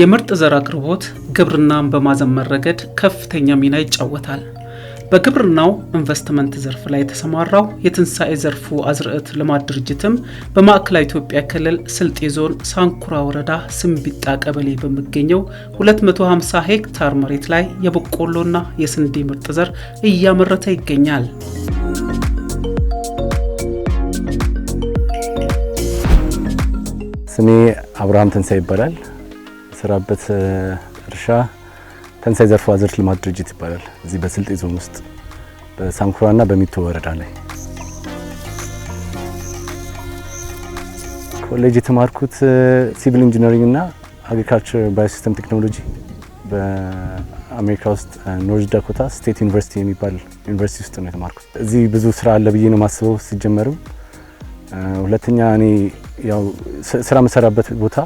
የምርጥ ዘር አቅርቦት ግብርናን በማዘመን ረገድ ከፍተኛ ሚና ይጫወታል። በግብርናው ኢንቨስትመንት ዘርፍ ላይ የተሰማራው የትንሣኤ ዘርፉ አዝርዕት ልማት ድርጅትም በማዕከላዊ ኢትዮጵያ ክልል ስልጤ ዞን ሳንኩራ ወረዳ ስምቢጣ ቀበሌ በሚገኘው 250 ሄክታር መሬት ላይ የበቆሎና የስንዴ ምርጥ ዘር እያመረተ ይገኛል። ስሜ አብርሃም ትንሣኤ ይባላል። የምትሰራበት እርሻ ተንሳይ ዘርፈ አዝርት ልማት ድርጅት ይባላል። እዚህ በስልጤ ዞን ውስጥ በሳንኩራና በሚቶ ወረዳ ላይ ኮሌጅ የተማርኩት ሲቪል ኢንጂነሪንግ እና አግሪካልቸር ባዮሲስተም ቴክኖሎጂ በአሜሪካ ውስጥ ኖርዝ ዳኮታ ስቴት ዩኒቨርሲቲ የሚባል ዩኒቨርሲቲ ውስጥ ነው የተማርኩት። እዚህ ብዙ ስራ አለ ብዬ ነው ማስበው ሲጀመርም። ሁለተኛ እኔ ያው ስራ የምሰራበት ቦታ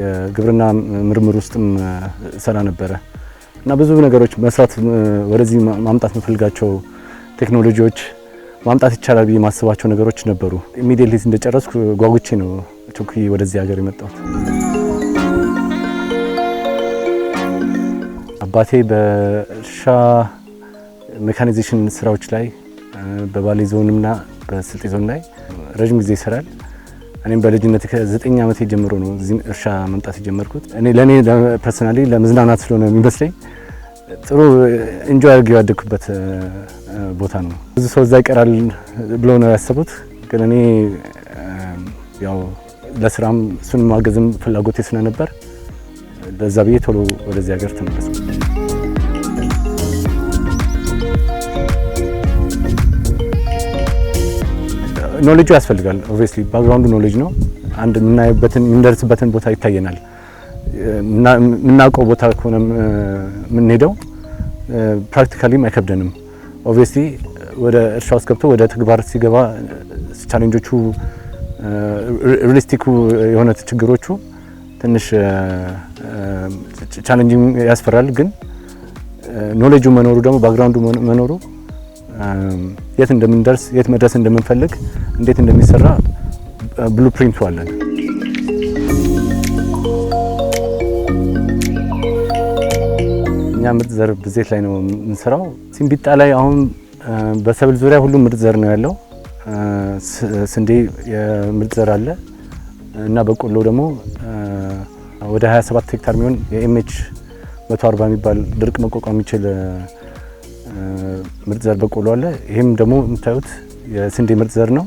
የግብርና ምርምር ውስጥም ሰራ ነበረ እና ብዙ ነገሮች መስራት ወደዚህ ማምጣት የምፈልጋቸው ቴክኖሎጂዎች ማምጣት ይቻላል ብዬ የማስባቸው ነገሮች ነበሩ። ኢሚዲየትሊ እንደጨረስኩ ጓጉቼ ነው ቾክ ወደዚህ ሀገር የመጣሁት። አባቴ በእርሻ ሜካኒዜሽን ስራዎች ላይ በባሌ ዞንና በስልጤ ዞን ላይ ረዥም ጊዜ ይሰራል። እኔም በልጅነት ከዘጠኝ ዓመት ጀምሮ ነው እዚህ እርሻ መምጣት የጀመርኩት። እኔ ለእኔ ፐርሰናሊ ለመዝናናት ስለሆነ የሚመስለኝ ጥሩ እንጆ አድርጌ ያደግኩበት ቦታ ነው። ብዙ ሰው እዛ ይቀራል ብሎ ነው ያሰቡት፣ ግን እኔ ያው ለስራም እሱን ማገዝም ፍላጎቴ ስለነበር ለዛ ብዬ ቶሎ ወደዚህ ሀገር ተመለስኩ። ኖሌጁ ያስፈልጋል። ኦብቪየስሊ ባክግራውንዱ ኖሌጅ ነው። አንድ የምናይበትን የምንደርስበትን ቦታ ይታየናል። የምናውቀው ቦታ ከሆነ የምንሄደው ፕራክቲካሊም አይከብደንም። ኦብቪየስሊ ወደ እርሻ ውስጥ ገብቶ ወደ ተግባር ሲገባ ቻሌንጆቹ ሪሊስቲኩ የሆነ ችግሮቹ ትንሽ ቻሌንጂንግ ያስፈራል። ግን ኖሌጁ መኖሩ ደግሞ ባክግራውንዱ መኖሩ የት እንደምንደርስ የት መድረስ እንደምንፈልግ እንዴት እንደሚሰራ ብሉ ፕሪንቱ አለን። እኛ ምርጥ ዘር ብዜት ላይ ነው የምንሰራው። ሲምቢጣ ላይ አሁን በሰብል ዙሪያ ሁሉም ምርጥ ዘር ነው ያለው። ስንዴ የምርጥ ዘር አለ እና በቆሎ ደግሞ ወደ 27 ሄክታር የሚሆን የኤምኤች 140 የሚባል ድርቅ መቋቋም የሚችል ምርጥ ዘር በቆሎ አለ። ይህም ደግሞ የምታዩት የስንዴ ምርጥ ዘር ነው።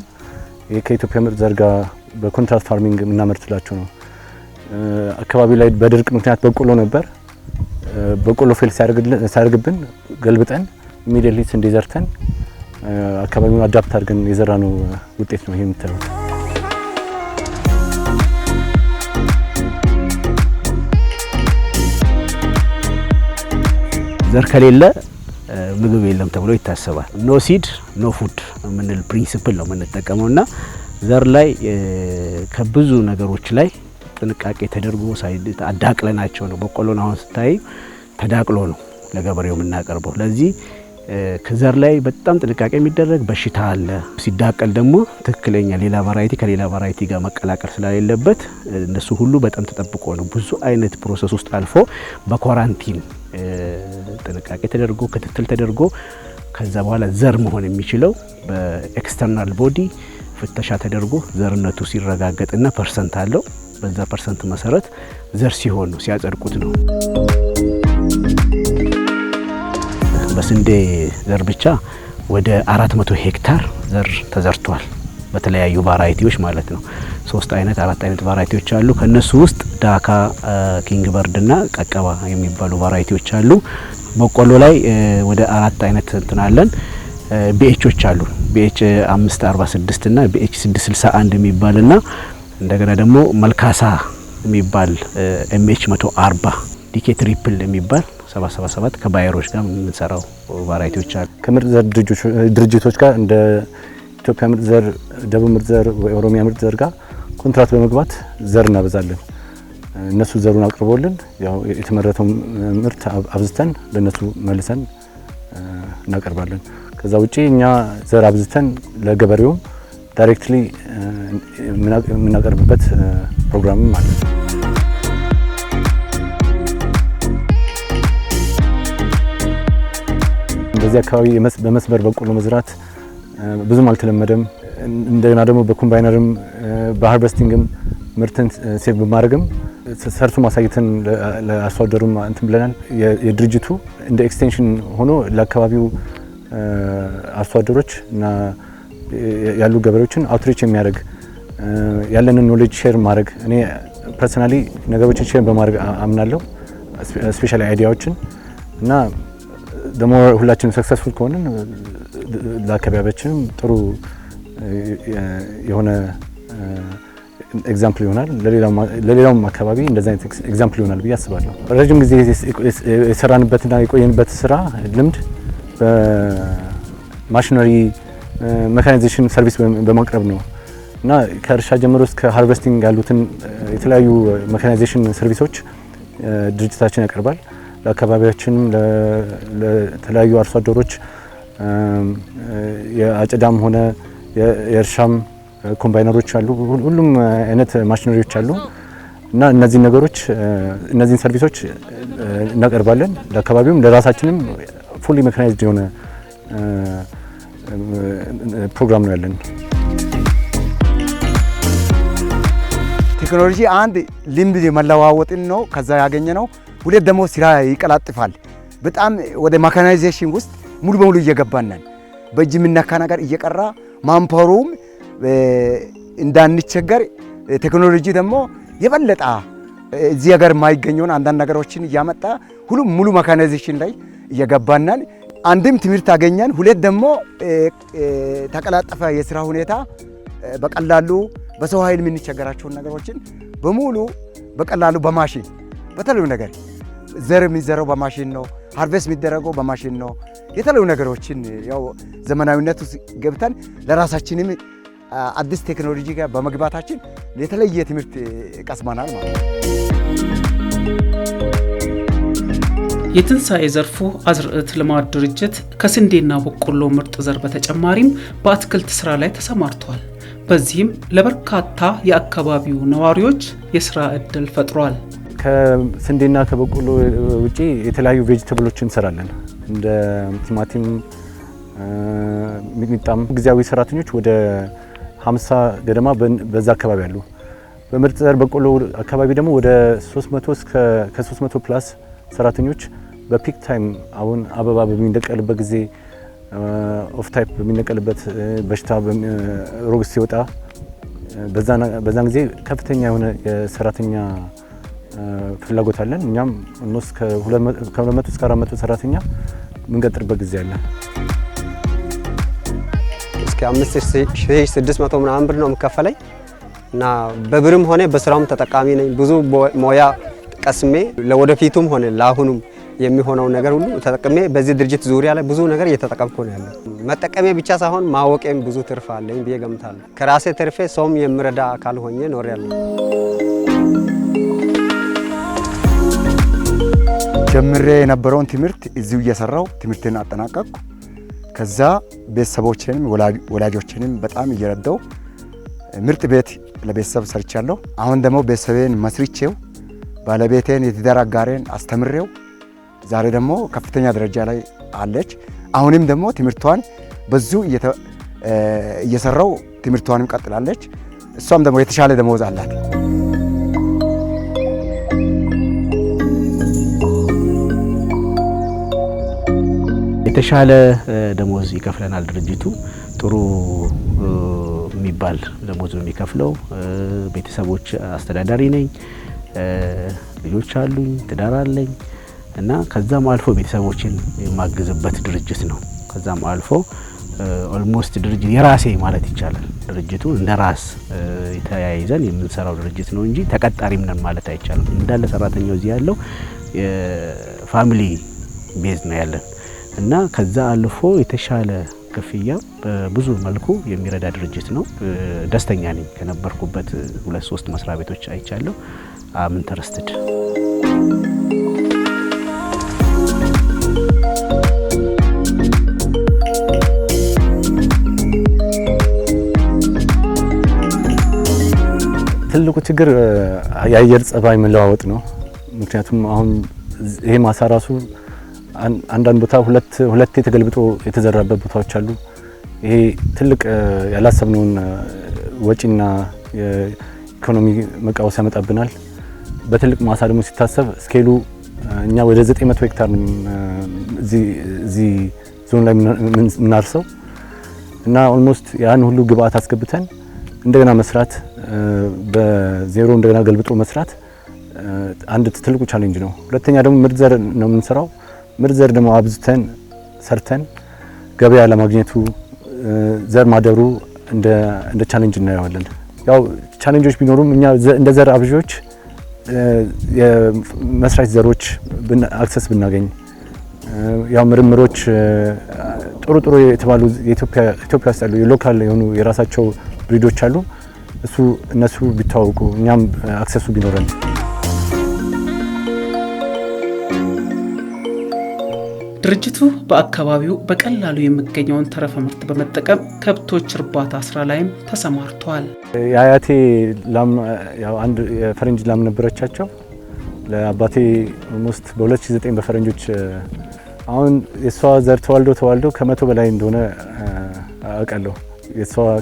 ይህ ከኢትዮጵያ ምርጥ ዘር ጋር በኮንትራት ፋርሚንግ የምናመርትላቸው ነው። አካባቢው ላይ በድርቅ ምክንያት በቆሎ ነበር። በቆሎ ፌል ሲያደርግብን ገልብጠን ኢሚዲየትሊ ስንዴ ዘርተን አካባቢውን አዳፕት አድርገን የዘራ ነው ውጤት ነው ይሄ የምታዩት። ዘር ከሌለ ምግብ የለም ተብሎ ይታሰባል። ኖ ሲድ ኖ ፉድ የምንል ፕሪንስፕል ነው የምንጠቀመው እና ዘር ላይ ከብዙ ነገሮች ላይ ጥንቃቄ ተደርጎ አዳቅለናቸው ነው። በቆሎን አሁን ስታይ ተዳቅሎ ነው ለገበሬው የምናቀርበው። ለዚህ ከዘር ላይ በጣም ጥንቃቄ የሚደረግ በሽታ አለ። ሲዳቀል ደግሞ ትክክለኛ ሌላ ቫራይቲ ከሌላ ቫራይቲ ጋር መቀላቀል ስለሌለበት እነሱ ሁሉ በጣም ተጠብቆ ነው ብዙ አይነት ፕሮሰስ ውስጥ አልፎ በኳራንቲን ጥንቃቄ ተደርጎ ክትትል ተደርጎ ከዛ በኋላ ዘር መሆን የሚችለው በኤክስተርናል ቦዲ ፍተሻ ተደርጎ ዘርነቱ ሲረጋገጥና ፐርሰንት አለው በዛ ፐርሰንት መሰረት ዘር ሲሆኑ ሲያጸድቁት ነው። በስንዴ ዘር ብቻ ወደ 400 ሄክታር ዘር ተዘርቷል። በተለያዩ ቫራይቲዎች ማለት ነው። ሶስት አይነት አራት አይነት ቫራይቲዎች አሉ። ከነሱ ውስጥ ዳካ፣ ኪንግ በርድ እና ቀቀባ የሚባሉ ቫራይቲዎች አሉ። በቆሎ ላይ ወደ አራት አይነት እንትን አለን። ቢኤቾች አሉ። ቢኤች አምስት አርባ ስድስት እና ቢኤች ስድስት ስልሳ አንድ የሚባል ና እንደገና ደግሞ መልካሳ የሚባል ኤምኤች መቶ አርባ ዲኬ ትሪፕል የሚባል ሰባ ሰባ ሰባት ከባየሮች ጋር የምንሰራው ቫራይቲዎች አሉ። ከምርጥ ዘር ድርጅቶች ጋር እንደ ኢትዮጵያ ምርጥ ዘር፣ ደቡብ ምርጥ ዘር፣ ኦሮሚያ ምርጥ ዘር ጋር ኮንትራት በመግባት ዘር እናበዛለን። እነሱ ዘሩን አቅርቦልን ያው የተመረተው ምርት አብዝተን ለነሱ መልሰን እናቀርባለን። ከዛ ውጪ እኛ ዘር አብዝተን ለገበሬውም ዳይሬክትሊ የምናቀርብበት ፕሮግራምም አለ። በዚህ አካባቢ በመስመር በቆሎ መዝራት ብዙም አልተለመደም። እንደገና ደግሞ በኮምባይነርም በሃርቨስቲንግም ምርትን ሴቭ በማድረግም ሰርቶ ማሳየትን ለአርሶ እንትን ብለናል። የድርጅቱ እንደ ኤክስቴንሽን ሆኖ ለአካባቢው አርሶ አደሮች እና ያሉ ገበሬዎችን አውትሪች የሚያደርግ ያለንን ኖሌጅ ሼር ማድረግ እኔ ፐርሰናሊ ነገሮችን ሼር በማድረግ አምናለሁ። ስፔሻሊ አይዲያዎችን እና ደግሞ ሁላችንም ሰክሰስፉል ከሆንን ለአካባቢያችንም ጥሩ የሆነ ኤግዛምፕል ይሆናል ለሌላውም አካባቢ እንደዚ አይነት ኤግዛምፕል ይሆናል ብዬ አስባለሁ። ረዥም ጊዜ የሰራንበትና የቆየንበት ስራ ልምድ በማሽነሪ መካናይዜሽን ሰርቪስ በማቅረብ ነው እና ከእርሻ ጀምሮ እስከ ሃርቨስቲንግ ያሉትን የተለያዩ መካናይዜሽን ሰርቪሶች ድርጅታችን ያቀርባል። ለአካባቢያችንም ለተለያዩ አርሶ አደሮች የአጨዳም ሆነ የእርሻም ኮምባይነሮች አሉ፣ ሁሉም አይነት ማሽነሪዎች አሉ እና እነዚህ ነገሮች እነዚህን ሰርቪሶች እናቀርባለን ለአካባቢውም ለራሳችንም ፉሊ ሜካናይዝድ የሆነ ፕሮግራም ነው ያለን። ቴክኖሎጂ አንድ ልምድ መለዋወጥን ነው ከዛ ያገኘ ነው። ሁለት ደግሞ ስራ ይቀላጥፋል። በጣም ወደ ማካናይዜሽን ውስጥ ሙሉ በሙሉ እየገባናል። በእጅ የምነካ ነገር እየቀራ ማንፓወሩም እንዳንቸገር ቴክኖሎጂ ደግሞ የበለጠ እዚህ ሀገር የማይገኘውን አንዳንድ ነገሮችን እያመጣ ሁሉም ሙሉ መካናይዜሽን ላይ እየገባናል። አንድም ትምህርት አገኘን፣ ሁለት ደግሞ ተቀላጠፈ የስራ ሁኔታ በቀላሉ በሰው ኃይል የምንቸገራቸውን ነገሮችን በሙሉ በቀላሉ በማሽን በተለዩ ነገር ዘር የሚዘራው በማሽን ነው፣ ሃርቨስት የሚደረገው በማሽን ነው። የተለዩ ነገሮችን ያው ዘመናዊነት ውስጥ ገብተን ለራሳችንም አዲስ ቴክኖሎጂ ጋር በመግባታችን የተለየ ትምህርት ቀስመናል ማለት ነው። የትንሣኤ ዘርፉ አዝርዕት ልማት ድርጅት ከስንዴና በቆሎ ምርጥ ዘር በተጨማሪም በአትክልት ስራ ላይ ተሰማርቷል። በዚህም ለበርካታ የአካባቢው ነዋሪዎች የስራ እድል ፈጥሯል። ከስንዴና ከበቆሎ ውጪ የተለያዩ ቬጅተብሎች እንሰራለን። እንደ ቲማቲም፣ ሚጥሚጣም ጊዜያዊ ሰራተኞች ወደ 50 ገደማ በዛ አካባቢ አሉ። በምርጥ ዘር በቆሎ አካባቢ ደግሞ ወደ 300 እስከ ከ300 ፕላስ ሰራተኞች በፒክ ታይም አሁን አበባ በሚነቀልበት ጊዜ ኦፍ ታይፕ በሚነቀልበት በሽታ ሮግ ሲወጣ በዛን ጊዜ ከፍተኛ የሆነ የሰራተኛ ፍላጎት አለን። እኛም ከ200 እስከ 400 ሰራተኛ የምንቀጥርበት ጊዜ አለን። እስከ 5600 ምናምን ብር ነው የምከፈለኝ እና በብርም ሆነ በስራውም ተጠቃሚ ነኝ። ብዙ ሞያ ቀስሜ ለወደፊቱም ሆነ ለአሁኑም የሚሆነው ነገር ሁሉ ተጠቅሜ በዚህ ድርጅት ዙሪያ ላይ ብዙ ነገር እየተጠቀምኩ ነው ያለው። መጠቀሜ ብቻ ሳይሆን ማወቄም ብዙ ትርፍ አለኝ ብዬ ገምታለሁ። ከራሴ ትርፌ ሰውም የምረዳ አካል ሆኜ ኖር ጀምሬ የነበረውን ትምህርት እዚሁ እየሰራው ትምህርትን አጠናቀቅኩ። ከዛ ቤተሰቦችንም ወላጆችንም በጣም እየረዳው ምርጥ ቤት ለቤተሰብ ሰርቻለሁ። አሁን ደግሞ ቤተሰቤን መስርቼው ባለቤቴን የትዳር አጋሬን አስተምሬው ዛሬ ደግሞ ከፍተኛ ደረጃ ላይ አለች። አሁንም ደግሞ ትምህርቷን በዙ እየሰራው ትምህርቷንም ቀጥላለች። እሷም ደግሞ የተሻለ ደመወዝ አላት። የተሻለ ደሞዝ ይከፍለናል ድርጅቱ። ጥሩ የሚባል ደሞዝ ነው የሚከፍለው። ቤተሰቦች አስተዳዳሪ ነኝ፣ ልጆች አሉኝ፣ ትዳር አለኝ እና ከዛም አልፎ ቤተሰቦችን የማግዝበት ድርጅት ነው። ከዛም አልፎ ኦልሞስት ድርጅት የራሴ ማለት ይቻላል። ድርጅቱ እንደ ራስ የተያይዘን የምንሰራው ድርጅት ነው እንጂ ተቀጣሪም ነን ማለት አይቻልም። እንዳለ ሰራተኛው እዚህ ያለው ፋሚሊ ቤዝ ነው ያለን። እና ከዛ አልፎ የተሻለ ክፍያ በብዙ መልኩ የሚረዳ ድርጅት ነው። ደስተኛ ነኝ። ከነበርኩበት ሁለት ሶስት መስሪያ ቤቶች አይቻለሁ። አም ኢንተረስትድ። ትልቁ ችግር የአየር ጸባይ መለዋወጥ ነው። ምክንያቱም አሁን ይሄ ማሳ ራሱ አንዳንድ ቦታ ሁለት ሁለቴ ተገልብጦ የተዘራበት ቦታዎች አሉ። ይሄ ትልቅ ያላሰብነውን ወጪና የኢኮኖሚ መቃወስ ያመጣብናል። በትልቅ ማሳ ደግሞ ሲታሰብ ስኬሉ እኛ ወደ 900 ሄክታር እዚህ ዞን ላይ የምናርሰው እና ኦልሞስት ያን ሁሉ ግብአት አስገብተን እንደገና መስራት በዜሮ እንደገና ገልብጦ መስራት አንድ ትልቁ ቻሌንጅ ነው። ሁለተኛ ደግሞ ምርጥ ዘር ነው የምንሰራው። ምርጥ ዘር ደግሞ አብዝተን ሰርተን ገበያ ለማግኘቱ ዘር ማደሩ እንደ ቻሌንጅ እናየዋለን። ያው ቻሌንጆች ቢኖሩም እኛ እንደ ዘር አብዦች የመስራች ዘሮች አክሰስ ብናገኝ ያው ምርምሮች ጥሩ ጥሩ የተባሉ ኢትዮጵያ ውስጥ ያሉ የሎካል የሆኑ የራሳቸው ብሪዶች አሉ። እሱ እነሱ ቢታወቁ እኛም አክሰሱ ቢኖረን ድርጅቱ በአካባቢው በቀላሉ የሚገኘውን ተረፈ ምርት በመጠቀም ከብቶች እርባታ ስራ ላይም ተሰማርተዋል። የአያቴ አንድ የፈረንጅ ላም ነበረቻቸው ለአባቴ ውስጥ በ2009 በፈረንጆች አሁን የእሷ ዘር ተዋልዶ ተዋልዶ ከመቶ በላይ እንደሆነ አውቃለሁ።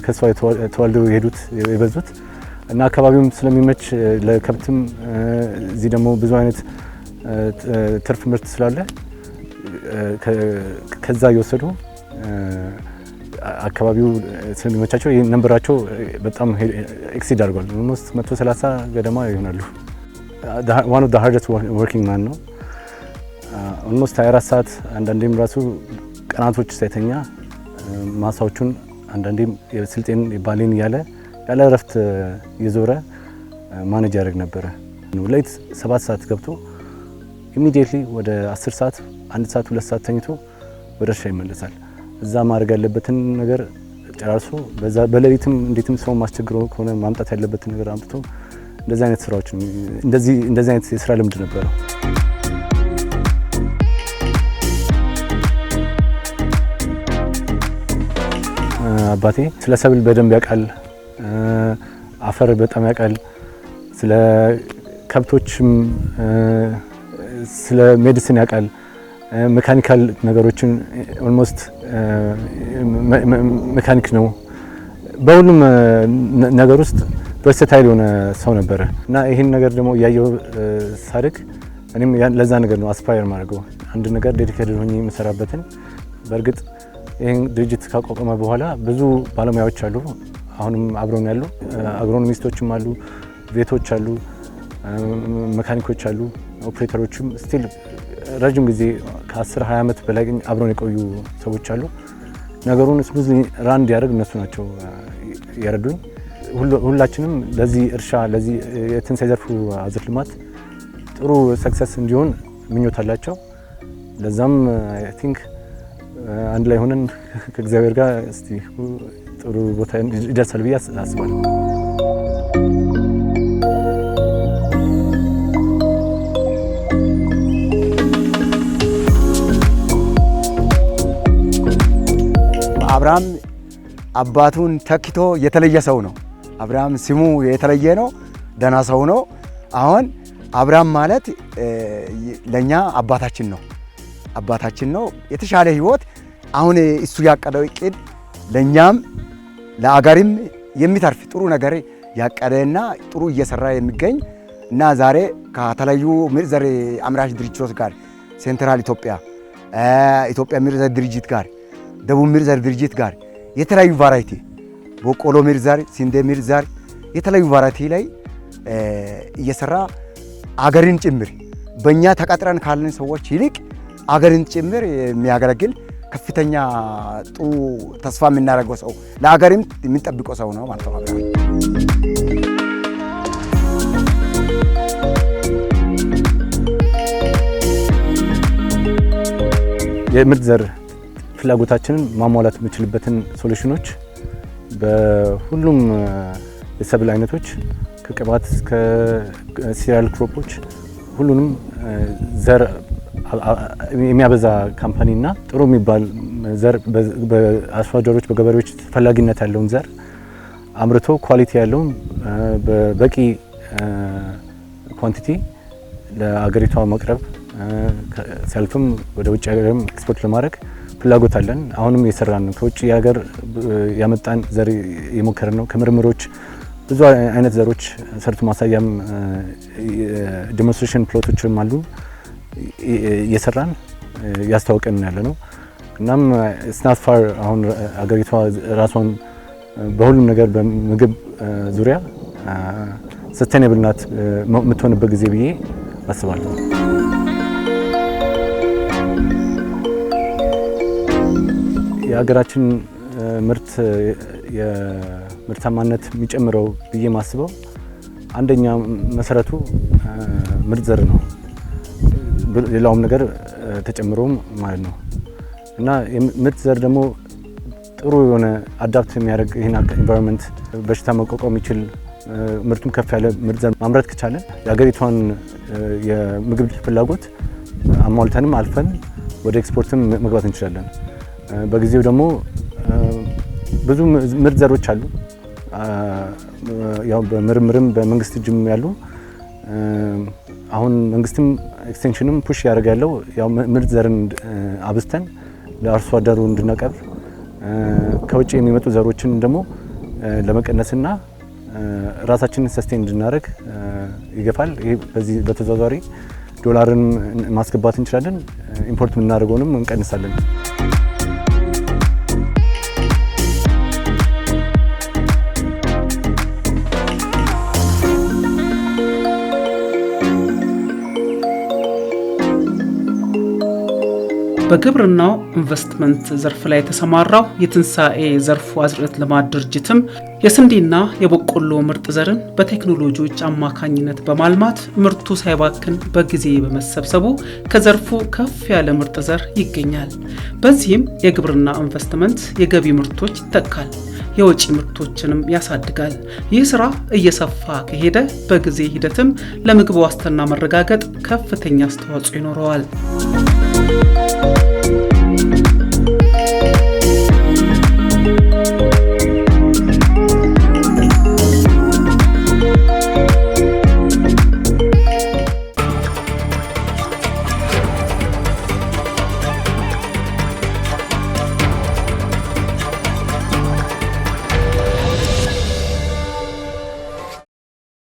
ከእሷ ተዋልዶ የሄዱት የበዙት እና አካባቢውም ስለሚመች ለከብትም እዚህ ደግሞ ብዙ አይነት ትርፍ ምርት ስላለ ከዛ እየወሰዱ አካባቢው ስለሚመቻቸው ይህ ነንበራቸው በጣም ኤክሲድ አድርጓል። ኦልሞስት 130 ገደማ ይሆናሉ። ዋን ኦፍ ዘ ሃርደስት ወርኪንግ ማን ነው። ኦልሞስት 24 ሰዓት አንዳንዴም ራሱ ቀናቶች ሳይተኛ ማሳዎቹን አንዳንዴም የስልጤን የባሌን እያለ ያለ እረፍት እየዞረ ማኔጅ ያደርግ ነበረ። ሌት ሰባት ሰዓት ገብቶ ኢሚዲየትሊ ወደ 10 ሰዓት አንድ ሰዓት ሁለት ሰዓት ተኝቶ ወደ እርሻ ይመለሳል። እዛ ማድረግ ያለበትን ነገር ጨራርሶ በዛ በሌሊትም እንዴትም ሰው ማስቸግረው ከሆነ ማምጣት ያለበትን ነገር አምጥቶ እንደዚህ አይነት ስራዎች እንደዚህ እንደዚህ አይነት የስራ ልምድ ነበረው። አባቴ ስለ ሰብል በደንብ ያውቃል፣ አፈር በጣም ያውቃል። ስለ ከብቶችም ስለ ሜዲሲን ያውቃል፣ ሜካኒካል ነገሮችን ኦልሞስት ሜካኒክ ነው። በሁሉም ነገር ውስጥ ቨርሰታይል የሆነ ሰው ነበረ እና ይህን ነገር ደግሞ እያየው ሳድግ እኔም ለዛ ነገር ነው አስፓየር ማድረገው አንድ ነገር ዴዲኬትድ ሆኜ የምሰራበትን። በእርግጥ ይህን ድርጅት ካቋቋመ በኋላ ብዙ ባለሙያዎች አሉ፣ አሁንም አብረውን ያሉ አግሮኖሚስቶችም አሉ፣ ቬቶች አሉ፣ መካኒኮች አሉ። ኦፕሬተሮችም ስቲል ረጅም ጊዜ ከ10 20 ዓመት በላይ አብረን የቆዩ ሰዎች አሉ። ነገሩን ስሙዝ ራን እንዲያደርግ እነሱ ናቸው የረዱኝ። ሁላችንም ለዚህ እርሻ ለዚህ የትንሳኤ ዘርፉ አዝርት ልማት ጥሩ ሰክሰስ እንዲሆን ምኞት አላቸው። ለዛም አይ ቲንክ አንድ ላይ ሆነን ከእግዚአብሔር ጋር እስቲ ጥሩ ቦታ ይደርሳል ብዬ አስባለሁ። አብርሃም አባቱን ተክቶ የተለየ ሰው ነው። አብርሃም ስሙ የተለየ ነው። ደህና ሰው ነው። አሁን አብርሃም ማለት ለእኛ አባታችን ነው። አባታችን ነው። የተሻለ ህይወት አሁን እሱ ያቀደው እቅድ ለእኛም ለአገርም የሚተርፍ ጥሩ ነገር ያቀደና ጥሩ እየሰራ የሚገኝ እና ዛሬ ከተለዩ ምርጥ አምራች ድርጅቶች ጋር ሴንትራል ኢትዮጵያ ኢትዮጵያ ምርጥ ዘር ድርጅት ጋር ደቡብ ምርዛር ድርጅት ጋር የተለያዩ ቫራይቲ በቆሎ ምርዛር፣ ስንዴ ምርዛር የተለያዩ ቫራይቲ ላይ እየሰራ አገርን ጭምር በእኛ ተቀጥረን ካለን ሰዎች ይልቅ አገርን ጭምር የሚያገለግል ከፍተኛ ጥሩ ተስፋ የምናደርገው ሰው ለአገርም የምንጠብቀው ሰው ነው ማለት ነው። የምርጥ ዘር ፍላጎታችንን ማሟላት የምንችልበትን ሶሉሽኖች በሁሉም የሰብል አይነቶች ከቅባት እስከ ሲሪያል ክሮፖች ሁሉንም ዘር የሚያበዛ ካምፓኒ እና ጥሩ የሚባል ዘር በአርሶ አደሮች በገበሬዎች ተፈላጊነት ያለውን ዘር አምርቶ ኳሊቲ ያለውን በበቂ ኳንቲቲ ለአገሪቷ መቅረብ ሲያልፍም ወደ ውጭ ሀገርም ኤክስፖርት ለማድረግ ፍላጎት አለን። አሁንም የሰራን ነው። ከውጭ የሀገር ያመጣን ዘር የሞከርን ነው። ከምርምሮች ብዙ አይነት ዘሮች ሰርቶ ማሳያም ዲሞንስትሬሽን ፕሎቶችም አሉ እየሰራን ያስታወቀን ያለ ነው። እናም ፋር አሁን አገሪቷ ራሷን በሁሉም ነገር በምግብ ዙሪያ ሰስቴናብል ናት የምትሆንበት ጊዜ ብዬ አስባለሁ። የሀገራችን ምርት የምርታማነት የሚጨምረው ብዬ ማስበው አንደኛ መሰረቱ ምርጥ ዘር ነው። ሌላውም ነገር ተጨምሮም ማለት ነው እና ምርጥ ዘር ደግሞ ጥሩ የሆነ አዳፕት የሚያደርግ ይህን ኤንቫይሮንመንት በሽታ መቋቋም ይችል ምርቱም ከፍ ያለ ምርጥ ዘር ማምረት ከቻለ የሀገሪቷን የምግብ ፍላጎት አሟልተንም አልፈን ወደ ኤክስፖርትም መግባት እንችላለን። በጊዜው ደግሞ ብዙ ምርጥ ዘሮች አሉ። ያው በምርምርም በመንግስት እጅም ያሉ አሁን መንግስትም ኤክስቴንሽንም ፑሽ ያደርግ ያለው ያው ምርጥ ዘርን አብዝተን ለአርሶ አደሩ እንድናቀርብ ከውጭ የሚመጡ ዘሮችን ደግሞ ለመቀነስና ራሳችንን ሰስቴን እንድናደርግ ይገፋል። ይሄ በዚህ በተዘዋዋሪ ዶላርን ማስገባት እንችላለን። ኢምፖርት የምናደርገውንም እንቀንሳለን። በግብርናው ኢንቨስትመንት ዘርፍ ላይ የተሰማራው የትንሣኤ ዘርፉ አዝርዕት ልማት ድርጅትም የስንዴና የበቆሎ ምርጥ ዘርን በቴክኖሎጂዎች አማካኝነት በማልማት ምርቱ ሳይባክን በጊዜ በመሰብሰቡ ከዘርፉ ከፍ ያለ ምርጥ ዘር ይገኛል። በዚህም የግብርና ኢንቨስትመንት የገቢ ምርቶች ይተካል፣ የወጪ ምርቶችንም ያሳድጋል። ይህ ስራ እየሰፋ ከሄደ በጊዜ ሂደትም ለምግብ ዋስትና መረጋገጥ ከፍተኛ አስተዋጽኦ ይኖረዋል።